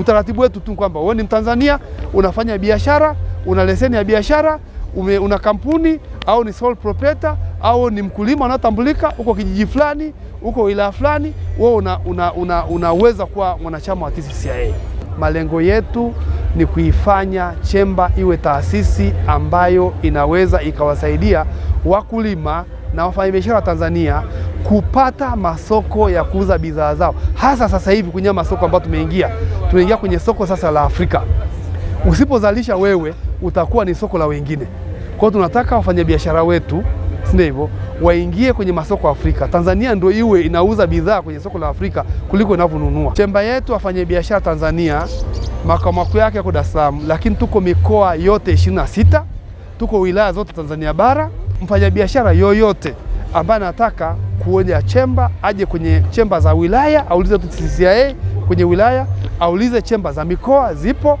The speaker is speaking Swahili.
utaratibu wetu tu kwamba wewe ni Mtanzania, unafanya biashara, una leseni ya biashara, una kampuni au ni sole proprietor au ni mkulima anayotambulika, uko kijiji fulani, uko wilaya fulani, wewe unaweza una, una, una kuwa mwanachama wa TCCIA. Malengo yetu ni kuifanya chemba iwe taasisi ambayo inaweza ikawasaidia wakulima na wafanyabiashara wa Tanzania kupata masoko ya kuuza bidhaa zao, hasa sasa hivi kwenye masoko ambayo tumeingia tunaingia kwenye soko sasa la Afrika. Usipozalisha wewe, utakuwa ni soko la wengine. Kwa hiyo tunataka wafanyabiashara wetu, si ndio hivyo, waingie kwenye masoko ya Afrika. Tanzania ndio iwe inauza bidhaa kwenye soko la Afrika kuliko inavyonunua. Chemba yetu wafanyabiashara Tanzania, makao makuu yake yako Dar es Salaam, lakini tuko mikoa yote 26, sita, tuko wilaya zote Tanzania bara. Mfanyabiashara yoyote ambaye anataka kuoja chemba aje kwenye chemba za wilaya, aulize tu TCCIA kwenye wilaya, aulize chemba za mikoa zipo.